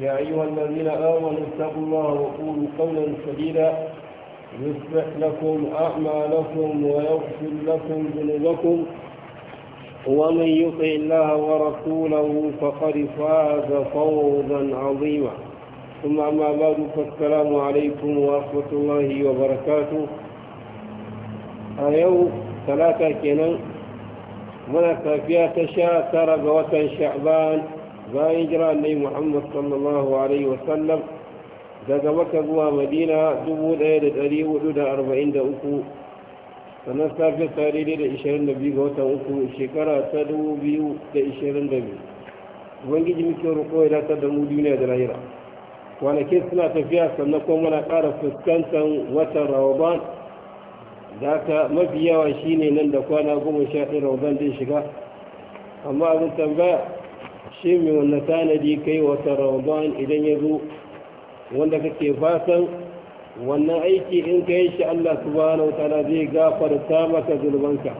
يا أيها الذين آمنوا اتقوا الله وقولوا قولا سديدا يصلح لكم أعمالكم ويغفر لكم ذنوبكم ومن يطع الله ورسوله فقد فاز فوزا عظيما ثم أما بعد فالسلام عليكم ورحمة الله وبركاته اليوم ثلاثة كنا من الكافية تشاء ترى شعبان bayan jira annai muhammad sallallahu alaihi wasallam daga maka zuwa madina 1443 sannan safi ta daidai da 22 ga watan uku shekara ta 2022 ubangiji muke roƙo ya datar da mu duniya da lahira kwanakin suna tafiya sannan kuma muna ƙara fuskantar watan rawaban Data aka mafi yawa shine nan da kwana goma sha ɗaya rawaban zai shiga amma abin tambaya shi mai wanne tanadi kai wata ramadan idan ya zo wanda kake fatan wannan aiki in ka yi shi Allah subhanahu wa ta'ala zai gafarta maka zulmanka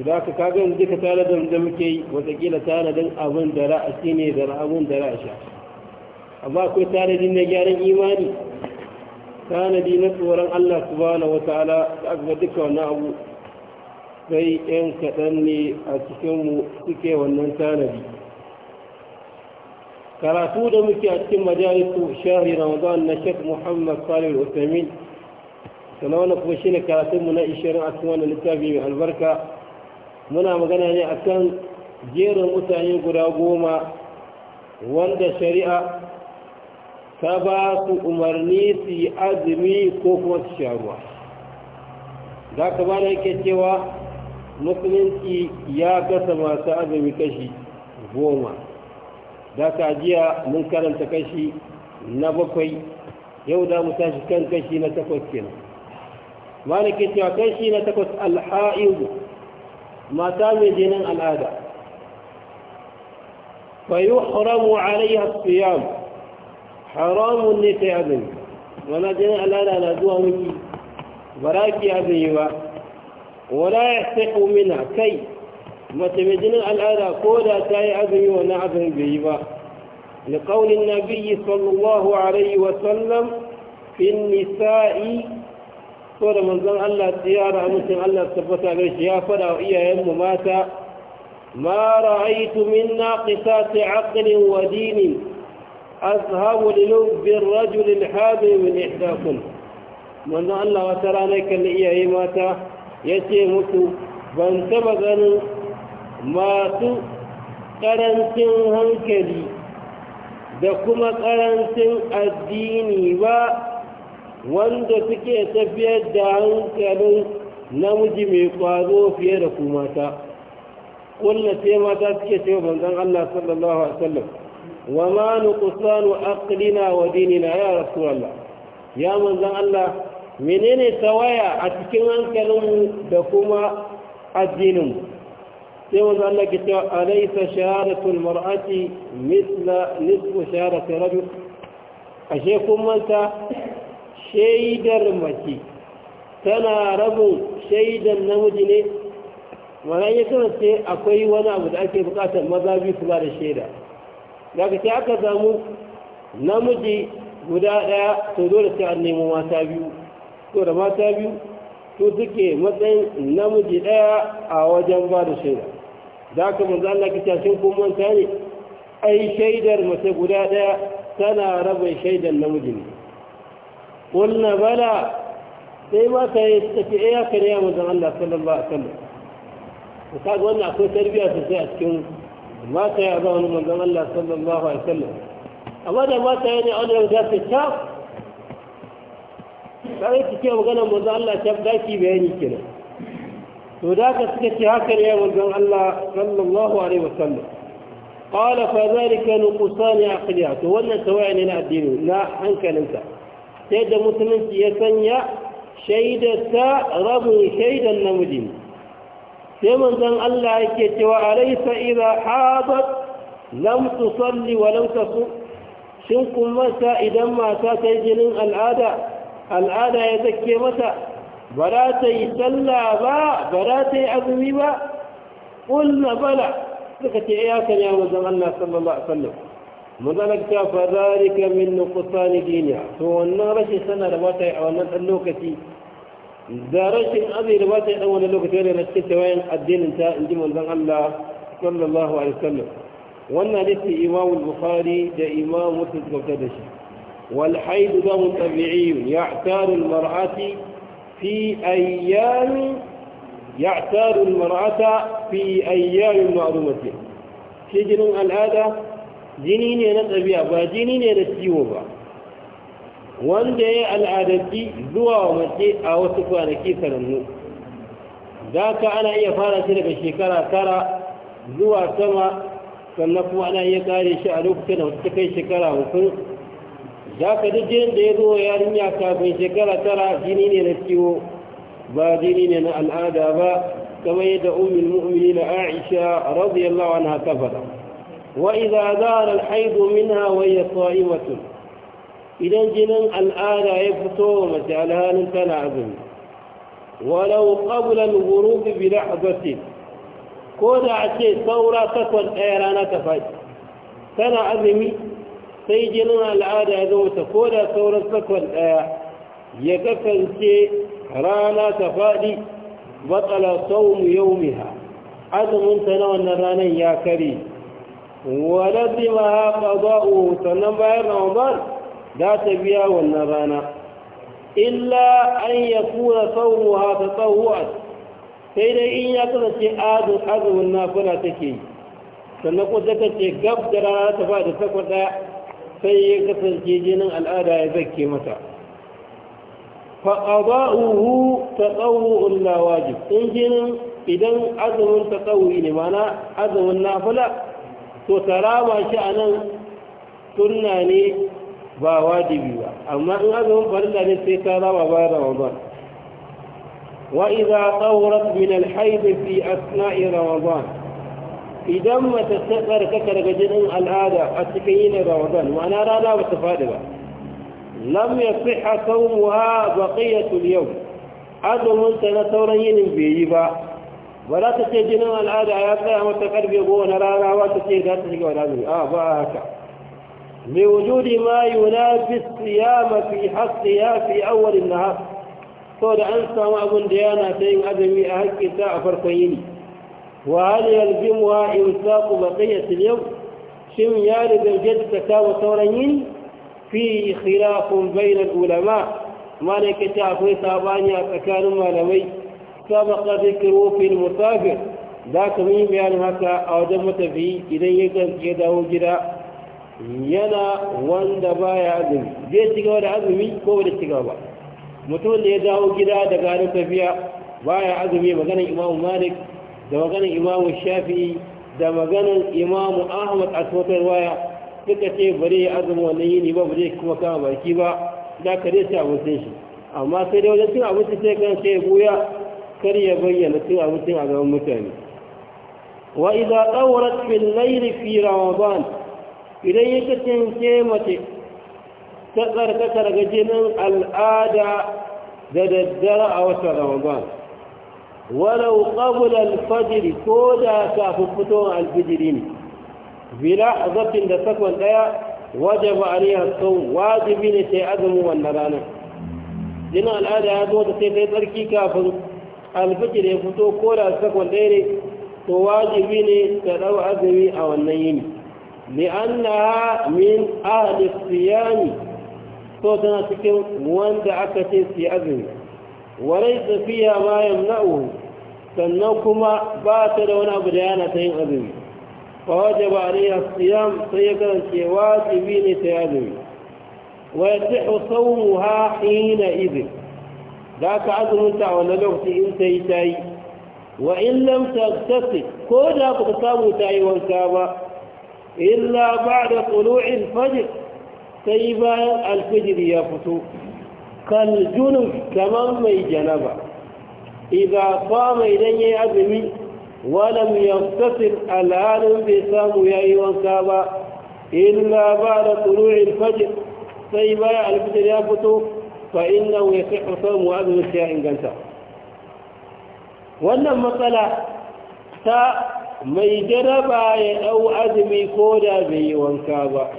idan ka kaga yanzu duka tanadin da muke yi watakila tanadin abin da ra'asi ne da abin da ra'asha amma akwai tanadin na gyaran imani tanadi na tsoron Allah subhanahu wa ta'ala da aka duka wannan abu sai 'yan kaɗan ne a cikinmu suke wannan tanadi karatu da muke a cikin majalisu shahri ramadan na shek muhammad salih al-usamin sana wannan kuma shine karatunmu na ishirin a cikin littafi mai albarka muna magana ne a kan jerin mutane guda goma wanda shari'a ta ba su umarni su yi azumi ko kuma su sha ruwa za ka ba da yake cewa musulunci ya kasa masu azumi kashi goma da ka jiya mun karanta kashi na bakwai yau da mu tashi kan kashi na takwas kenan ke cewa kashi na takwas alha'idu mata mai jinin al'ada haramu عليها الصيام haramun ne ta yi azumi wala jinin al'ada na zuwa miki ba za ki azumi ba wala ya sai kai mace mai jinin al'ada ko da ta yi azumi wannan azumin bai yi ba لقول النبي صلى الله عليه وسلم في النساء saboda manzon Allah tsiyara amincin Allah tabbata shi ya fada wa iyayenmu mata ma ra'aytu minna qisati aqlin wa dinin azhabu lilubbi ar-rajul al-habi min ihdakum manzon Allah wata rana kalli iyaye mata yace mutu, ban taba ganin masu ƙarancin hankali da kuma ƙarancin addini ba wanda suke tafiyar da hankalin namiji mai kwazo fiye da ku mata ƙulla sai mata suke ce wa Allah sallallahu Alaihi wasallam wa ma nuqsanu aqlina wa dinina ya rasulullah ya manzan Allah menene tawaya a cikin hankalinmu da kuma addininmu sai wanzu Allah ke cewa alaisa shahadatul mar'ati misla nisfu shahadati rajul ashe kun manta shaidar mace tana rabin shaidan namiji ne mana ya kasance akwai wani abu da ake bukatar maza biyu su ba da shaida daga sai aka samu namiji guda ɗaya to dole sai an nemo mata biyu to da mata biyu su suke matsayin namiji ɗaya a wajen ba da shaida da haka manzo Allah ki tashin kun manta ne ai shaidar mace guda daya tana rabin shaidar namiji ne kulna bala sai mata ya tafi eh haka ne Allah sallallahu alaihi wasallam to kaga wannan akwai tarbiyya sosai a cikin mata ya zama manzon Allah sallallahu alaihi wasallam amma da mata ya ne aure da ta ta sai ki ce magana manzon Allah ta daki bayani kenan to da ka suka ce haka ne manzon Allah sallallahu alaihi wasallam qala fa zalika a aqliya to wannan tawaya ne na addini na hankalinsa sai da musulunci ya sanya shaidarsa rabin shaidar namiji sai manzon Allah yake cewa alaysa idha hadat lam tusalli wa lam su. shin kun mata idan mata ta jinin al'ada al'ada ya zake mata ba za ta yi sallah ba ba za ta yi azumi ba ƙulla bala suka ce ya kan ya mazan Allah sallallahu alaihi wasallam mazalar ta fazarika min nuqsani diniya to wannan rashin sana da ba ta yi a wannan dan lokaci da rashin azumi da ba ta yi dan wani lokaci wanda na cikin tawayen addinin ta in ji manzon Allah sallallahu alaihi wasallam wannan hadisi imamu bukhari da imamu muslim da shi wal haidu da mutabi'in ya'taru al-mar'ati في أيام يعتاد المرأة في أيام معلومة shi al'ada jini ne na tsabiya ba jini ne da ciwo ba wanda ya al'adarki zuwa wa mace a wasu kwanaki sanannu da ka ana iya fara shi daga shekara tara zuwa sama sannan kuma ana iya kare shi a lokacin da wata kai shekara hukun da ka duk da ya zo yarinya kafin shekara tara jini ne na ciwo ba jini ne na al'ada ba kamar da ummin mu'mini na aisha radiyallahu anha ta faɗa wa idza zara al-hayd minha wa hiya sa'imatun idan jinin al'ada ya fito mace alhalin tana azumi walau qabla al-ghurub bi lahzatin ko da a ce saura takwas ɗaya rana ta faɗi tana azumi sai jinin al'ada ya zama ta koda sauran sakon ɗaya ya kasance rana ta faɗi matsala saumu yau miha azuminta na wannan ranar ya kare wadda zima haƙa ba'u, sannan bayan ramadan za ta biya wannan rana illa an ya kuna saumu ha ta tsawo sai dai in ya kasance azumin nafula take yi sannan kuma ta ce gab da rana ta faɗi sakon ɗaya sai ya kasance jinin al'ada ya zakke mata faƙaba'uhu ta lawajib in jinin idan azumin ta tsawo'i ne mana azumin nafila to tarama shi a nan sunna ne ba wajibi ba amma in azumin farilla ne sai ta rama bayan ramadan wa waiza tsawarat min al-hayd fi asna'i ramadan idan mace ta tsarkaka daga jinin al'ada a cikin yin ramadan ma'ana rana ba ta faɗi ba lam ya fi hasauwa baqiyatul yau azumin ta na sauran yinin bai yi ba ba za ta ce jinin al'ada ya tsaya mata karfe goma na rana ba ta ce za ta shiga wani azumi a ba haka mai wujudi ma yunafi siyama fi hasiya fi awwalin nahar saboda an samu abin da yana ta yin azumi a hakkinta a farkon yini وهل يلزمها إمساق بقية اليوم شم يارد الجد تساوى ثورين في خلاف بين العلماء ما لك تعفي صاباني أتكان مالوي سبق ذكره في المسافر ذاك مين بيان هكا أو دم فيه إذا يكن يده جدا ينا واندبا يا عزمي zai cigaba da كوبر ko متول يده ba دقارة da بايا عزمي gida إمام مالك da maganin imamu shafi'i da maganin imamu ahmad a tsotar waya suka ce bari ya azumi wannan yini ba bari kuma kama baki ba da ka dai a mutum shi amma sai dai wajen cin abinci sai kan sai buya kar ya bayyana cin abincin a gaban mutane wa idza tawarat fil layl fi ramadan idan yake cin ke mace ta tsarkaka daga jinin al'ada da daddare a watan ramadan walau qabla fajiri fajr ko da kafin fitowar al-fajr ne bi lahzatin da sakon daya wajaba alaiha sawm wajibi ne sai azumin wannan ranar jinin al'ada ya zo da sai kai tsarki kafin al-fajr ya fito ko da sakon daya ne to wajibi ne ka dau azumi a wannan yini li'annaha min ahli siyami to tana cikin wanda aka ce su azumi وليس فيها ما na'u. sannan kuma ba ta da wani abu da yana ta yin azumi fa wajaba alayha siyam sai ya karance wajibi ne ta yi azumi wa yasihu sawmuha hina idin za ka azumunta a wannan lokaci in ta yi ta yi wa in lam tagtasi ko da ba ta samu ta yi wanka ba illa ba'da tulu'il fajr sai bayan alfijir ya fito Kan junin kamar mai janaba idza sama idan yi azumi walam yaftasir alhalin bai samu yayi wanka ba illa da tulu'il fajr sai baya alfijir ya fito fa innahu yasihu sawmu azumi ya inganta wannan matsala ta mai jaraba ya ɗau azumi ko da bai yi wanka ba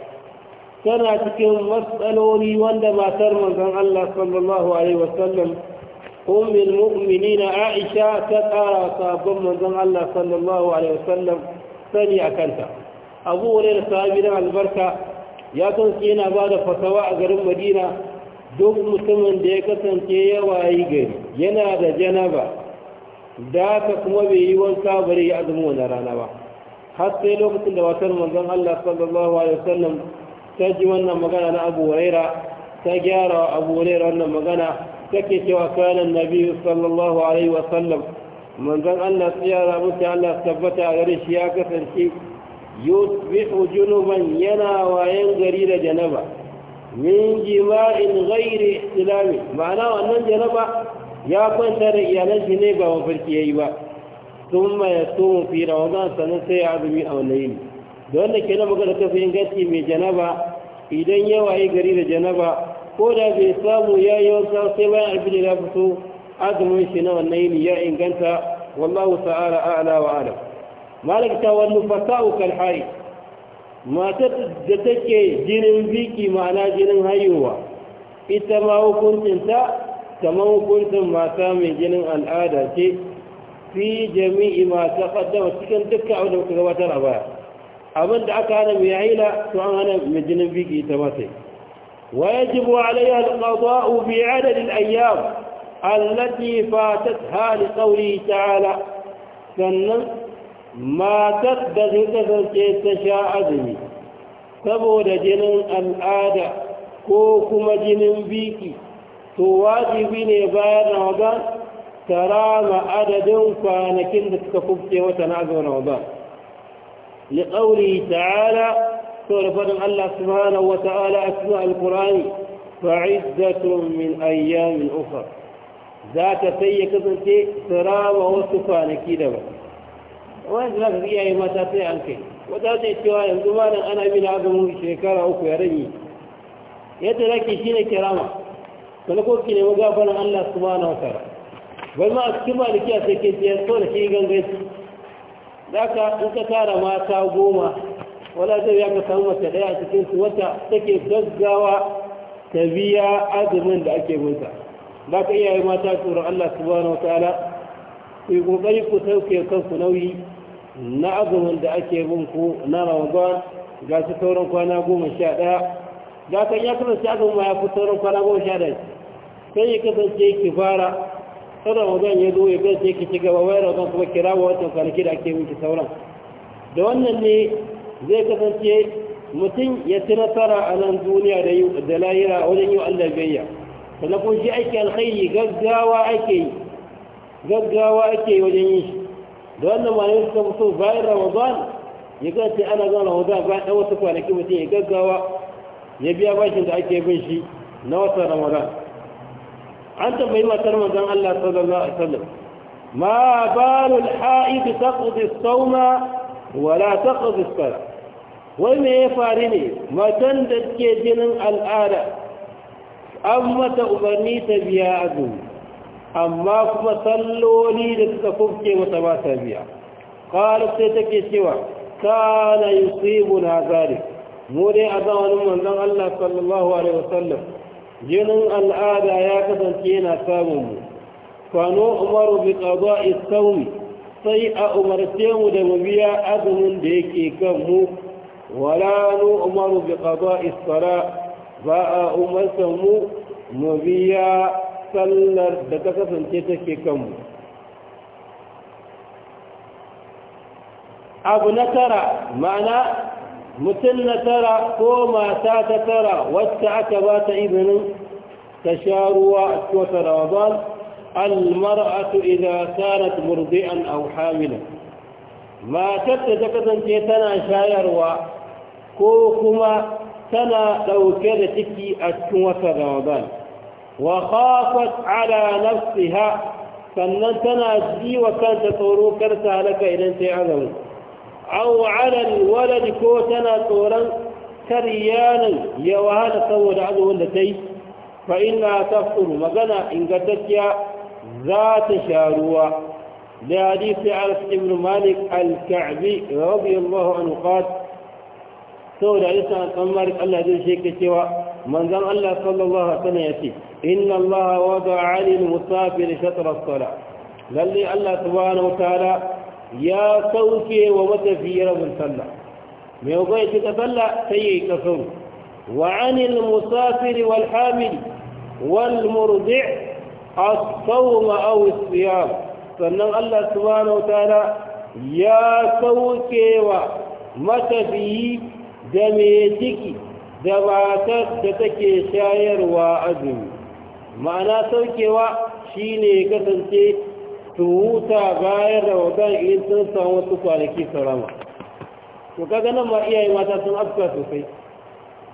tana cikin matsaloli wanda matar manzon Allah sallallahu alaihi wasallam أم المؤمنين عائشة تقارى صابم من الله صلى الله عليه وسلم ثاني أكنت أبو هريرة صحابينا البركة ya kansu yana ba da fasawa a garin madina duk mutumin da ya kasance ya wayi gari yana da janaba da aka kuma bai yi wanka bari ya wani rana ba har sai lokacin da watar manzon Allah sallallahu alaihi wasallam ta ji wannan magana na Abu Huraira ta gyara Abu Huraira wannan magana take cewa kanan nabi sallallahu alaihi wasallam manzon Allah tsiyara mutu Allah tabbata a gare shi ya kasance yusbihu junuban yana wayan gari da janaba min jima'in ghairi ihtilami ma'ana wannan janaba ya kwanta da iyalan shi ne ba mafarki yayi ba thumma yasumu fi ramadan sanan sai azumi a wannan yini da wanda magana ta fi inganci mai janaba idan ya waye gari da janaba ko da bai samu ya yi wasu sai bayan abin ya fito azumin shi na wannan yini ya inganta wallahu ta'ala a'la wa ala malik ta wani fasa'u kal matar da take jinin biki ma'ana jinin haihuwa ita ma hukuncinta kamar hukuncin mata mai jinin al'ada ce fi jami'i masu kaddama cikin dukkan abin da kuka gabatar a baya abin da aka hana mai haila to an hana mai jinin biki ita ma sai ويجب عليها القضاء في عدد الأيام التي فاتتها لقوله تعالى سنة ما تقدر تتشاء أذني تبود جنن الآداء كوكما جنن بيكي تواجبين بايد رمضان ترام عدد فانكندت كفبت وتنعز رمضان لقوله تعالى سورة فضل الله سبحانه وتعالى أسماء القرآن فعدة من أيام أخرى ذات سيئة تنتي سراب وصفان كده wani za ka iyaye mata sai an kai wata ta cewa yanzu ma nan ana bin azumin shekara uku ya rage yadda nake shi ne kirama wani ko ki nemi gafaran allah su ma na wata ma a cikin malikiya sai ke biyar so da shi gangaci za ka in ka tara mata goma wala zai ya ka samu mace ɗaya a cikin su wata take gaggawa ta biya azumin da ake gunta ba ka iya yi mata tsoron Allah subhanahu wataala ku yi kokari ku sauke kanku nauyi na azumin da ake ku na ramadan ga su sauran kwana goma sha ɗaya ga kan ya kasance azumin ma ya fi sauran kwana goma sha ɗaya sai ya kasance ki fara sai ramadan ya zo ya kasance ki ci gaba wai ramadan kuma kira wa watan kwanaki da ake miki sauran da wannan ne zai kasance mutum ya ci nasara a nan duniya da layira wajen yi Allah gayya sannan kuma shi aiki alkhairi gaggawa ake yi gaggawa ake yi wajen yi shi da wannan ma ne suka fi so bayan ramadan ya kasance ana zuwa ramadan bayan ɗan wasu kwanaki mutum ya gaggawa ya biya bashin da ake bin shi na watan ramadan an tambayi matar manzon Allah sallallahu alaihi wasallam ma balul ha'id taqdi as-sawma wa la taqdi as-salat wai me ya faru ne matan da ke jinin al'ada an mata umarni ta biya azumi amma kuma salloli da suka kufke mata ba ta biya ƙwarar sai take cewa yi tsibu na zari mu dai a zamanin manzon Allah sallallahu alaihi wasallam jinin al'ada ya kasance yana samun mu kano umaru bi qada'i sawmi sai a umarce mu da mu biya azumin da yake kan mu ولا نؤمر بقضاء الصلاة فأمسهم نبيا مبيا صلر دكتة كم أبو نترى معنى متن ترى كوما تاتترى ترى واتعك بات ابن تشاروا أسوة رمضان المرأة إذا كانت مرضئا أو حاملا ما تتجكتا شاير شايروا ko kuma tana ɗauke da ciki a cikin watan ramadan wa khafat ala nafsiha sannan tana ji wa kanta tsoro kar halaka idan ta yi azumi aw ala alwalad ko tana tsoron kar ya wahala saboda azumin da ta yi fa inna tafsuru magana ingantacciya za ta sha ruwa لحديث عرف ابن مالك الكعبي رضي الله عنه قال saboda hadisin kan malik Allah zai sheke cewa manzan Allah sallallahu alaihi wasallam yace inna Allah wada'a 'ala al-musafir shatr as-salah lalle Allah subhanahu wa ta'ala ya sauke wa matafiyar rabin sallah mai gwai cika sallah sai yayi kaso wa 'anil musafir wal hamil wal murdi' as-sawm aw as-siyam sannan Allah subhanahu wa ta'ala ya sauke wa matafiyi da mai ciki da matar da take shayarwa azumi ma'ana saukewa shine kasance tuhuta bayar da ramadan idan sun samu wasu kwanaki su to kaga nan ma iyaye mata sun afka sosai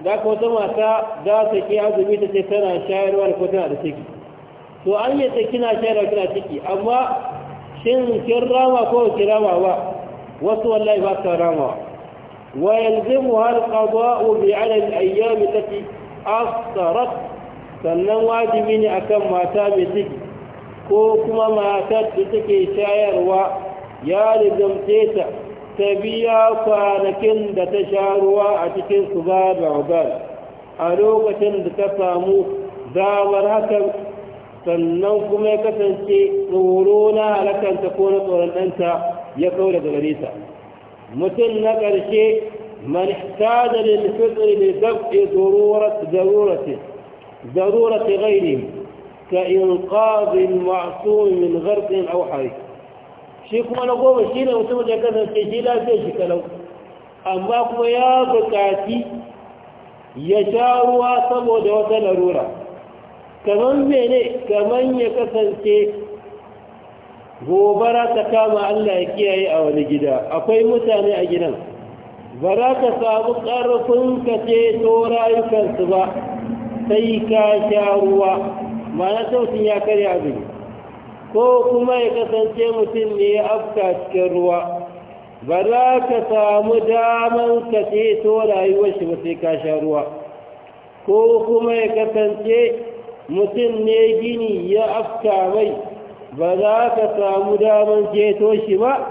da ka wata mata za ta ke azumi ta ce tana shayarwa da ko tana da ciki to an yi ta kina shayarwa kina ciki amma shin kin ko kin rama ba wasu wallahi ba su rama ويلزمها القضاء بعدد الأيام التي أفطرت sannan wajibi ne akan mata mai ciki ko kuma matar da take shayarwa ya rizamce ta ta biya kwanakin da ta sha ruwa a cikin su ba da a lokacin da ta samu damar hakan sannan kuma ya kasance tsoro na halakanta ko na tsoron ɗanta ya kau daga gare ta mutum na ƙarshe من احتاج للفطر لدفع ضرورة ضرورته ضرورة غيره كإنقاذ المعصوم من غرق أو حريق shi kuma na goma shi ne mutum da kasance gida lafiyar shi amma kuma ya bukaci ya sha ruwa saboda wata larura kamar mene kamar ya kasance gobara ta kama allah ya kiyaye a wani gida akwai mutane a gidan ba za ka samu ƙarfin ka ceto rayukansu ba sai ka sha ruwa ma'ana sautin ya karya abin ko kuma ya kasance mutum ne ya afka cikin ruwa ba za ka samu daman ka ceto rayuwar shi ba sai ka sha ruwa ko kuma ya kasance mutum ne gini ya afka mai ba za ka samu daman ceto shi ba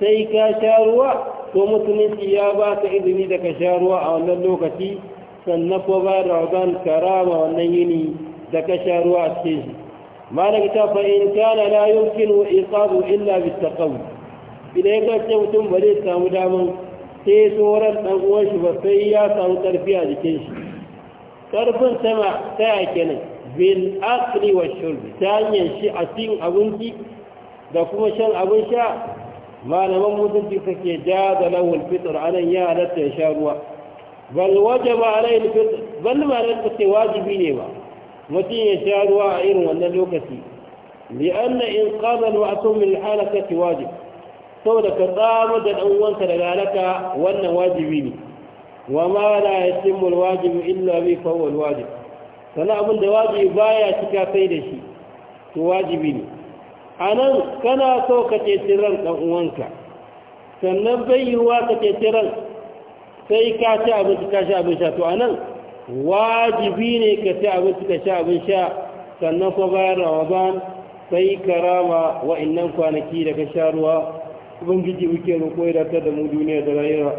sai ka sha ruwa ko musulunci ya ba ka izini da ka ruwa a wannan lokaci sannan ko da wajen karama wannan yini da ka sha ruwa a cikin shi malaka ta fa in kana la yumkinu iqabu illa bittaqaw idan ka ce mutum ba zai samu daman sai tsoron dan uwan shi ba sai ya samu karfi a jikin shi karfin sama ta ya kenan bil akli wa shurb ta hanyar shi a cikin abinci da kuma shan abin sha malaman mutunci suke ja da lahul fitr anan ya halatta ya sha ruwa bal wajaba alayhi fitr bal malaman ce wajibi ne ba mutum ya sha ruwa a irin wannan lokaci li'an in qama al-ma'tum min halakati wajib saboda ka tsamu da ɗan uwanka daga halaka wannan wajibi ne wa ma la yatimmu al wajibi illa bi fa wajib sana abin da wajibi baya cika sai da shi to wajibi ne a nan kana so ka ceci ran ɗan uwanka sannan bai yiwuwa ka ceci ran sai ka ci abinci ka sha abin sha to a nan wajibi ne ka ci abinci ka sha abin sha sannan kuma bayan ramadan sai ka rama innan kwanaki da ka sha ruwa ubangiji muke roƙo ya dace da mu duniya da rayuwa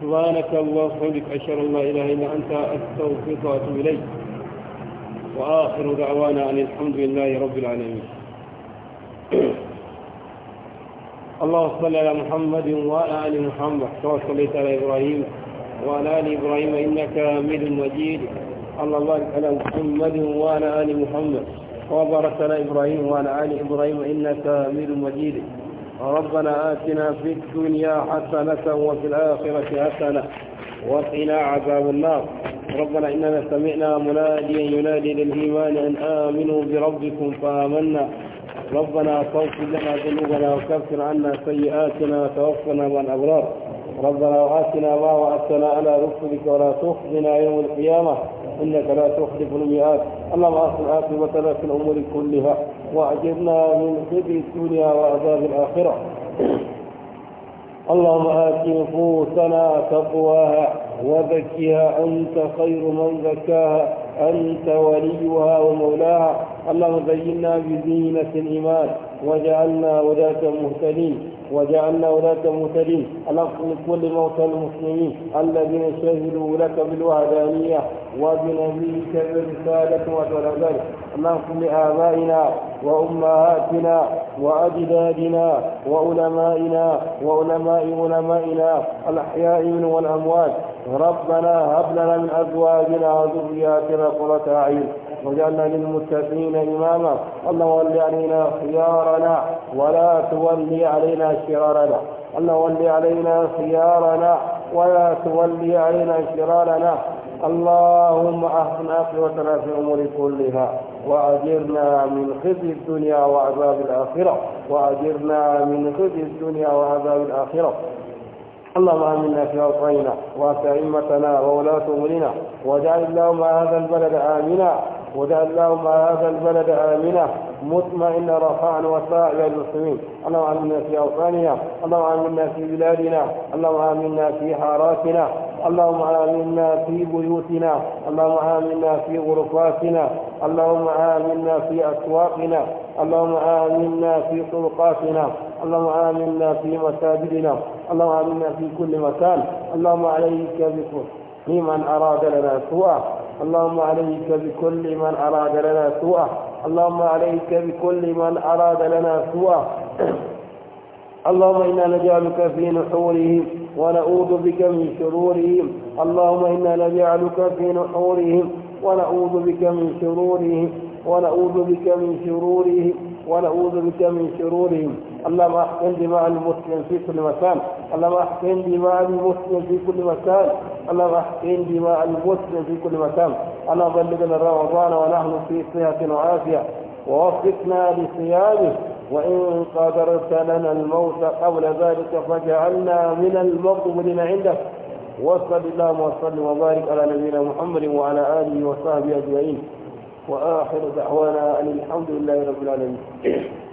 subhanaka allah وبحمدك أشهد أن ilaha illa anta astaghfiruka wa atubu ilayk وآخر دعوانا أن الحمد لله رب العالمين اللهم صل على محمد وعلى آل محمد كما صليت على إبراهيم وعلى آل إبراهيم إنك حميد مجيد اللهم بارك على محمد وعلى آل محمد وبارك على إبراهيم وعلى آل إبراهيم إنك حميد مجيد ربنا آتنا في الدنيا حسنة وفي الآخرة حسنة وقنا عذاب النار ربنا إننا سمعنا مناديا ينادي للإيمان أن آمنوا بربكم فآمنا ربنا فاغفر لنا ذنوبنا وكفر عنا سيئاتنا وتوفنا مع الأبرار ربنا وآتنا ما وعدتنا على رسلك ولا تخزنا يوم القيامة إنك لا تخلف المئات اللهم أصل عاقبتنا في الأمور كلها واعجبنا من خزي الدنيا وعذاب الآخرة اللهم آت نفوسنا تقواها وزكها أنت خير من زكاها أنت وليها ومولاها اللهم زينا بزينة الإيمان وجعلنا ولاة مهتدين وجعلنا ولاة مهتدين اللهم لكل موتى المسلمين الذين شهدوا لك بالوحدانية وبنبيك برسالة وتولى ذلك اللهم لآبائنا وأمهاتنا وأجدادنا وعلمائنا وعلماء علمائنا الأحياء منهم والأموات ربنا هب لنا من أزواجنا وذرياتنا قرة أعين وجعلنا للمتقين إماما اللهم ول علينا خيارنا ولا تولي علينا شرارنا اللهم ول علينا خيارنا ولا تولي علينا شرارنا اللهم أحسن أخرتنا في الأمور كلها وأجرنا من خزي الدنيا وعذاب الآخرة وأجرنا من خزي الدنيا وعذاب الآخرة اللهم آمنا في أوطاننا وأسئمتنا وولاة أمورنا واجعل اللهم هذا البلد آمنا وجعل اللهم هذا البلد آمنة مطمئن رخاء وسائر المسلمين اللهم آمنا في أوطاننا اللهم آمنا في بلادنا اللهم آمنا في حاراتنا اللهم آمنا في بيوتنا اللهم آمنا في غرفاتنا اللهم آمنا في أسواقنا اللهم آمنا في طرقاتنا اللهم آمنا في مساجدنا اللهم آمنا في كل مكان اللهم عليك بكل فيمن أراد لنا سوءا اللهم عليك بكل من أراد لنا سوءا اللهم عليك بكل من أراد لنا سوءا اللهم إنا نجعلك في نحورهم ونعوذ بك من شرورهم اللهم إنا نجعلك في نحورهم ونعوذ بك من شرورهم ونعوذ بك من شرورهم ونعوذ بك من شرورهم اللهم احسن دماء المسلم في كل مكان اللهم احسن دماء المسلم في كل مكان اللهم احسن دماء المسلم في كل مكان اللهم بلغنا رمضان ونحن في صحة وعافية ووفقنا لصيامه وإن قدرت لنا الموت قبل ذلك فاجعلنا من المقبلين عندك وصل اللهم وسلم وبارك على نبينا محمد وعلى آله وصحبه أجمعين وآخر دعوانا أن الحمد لله رب العالمين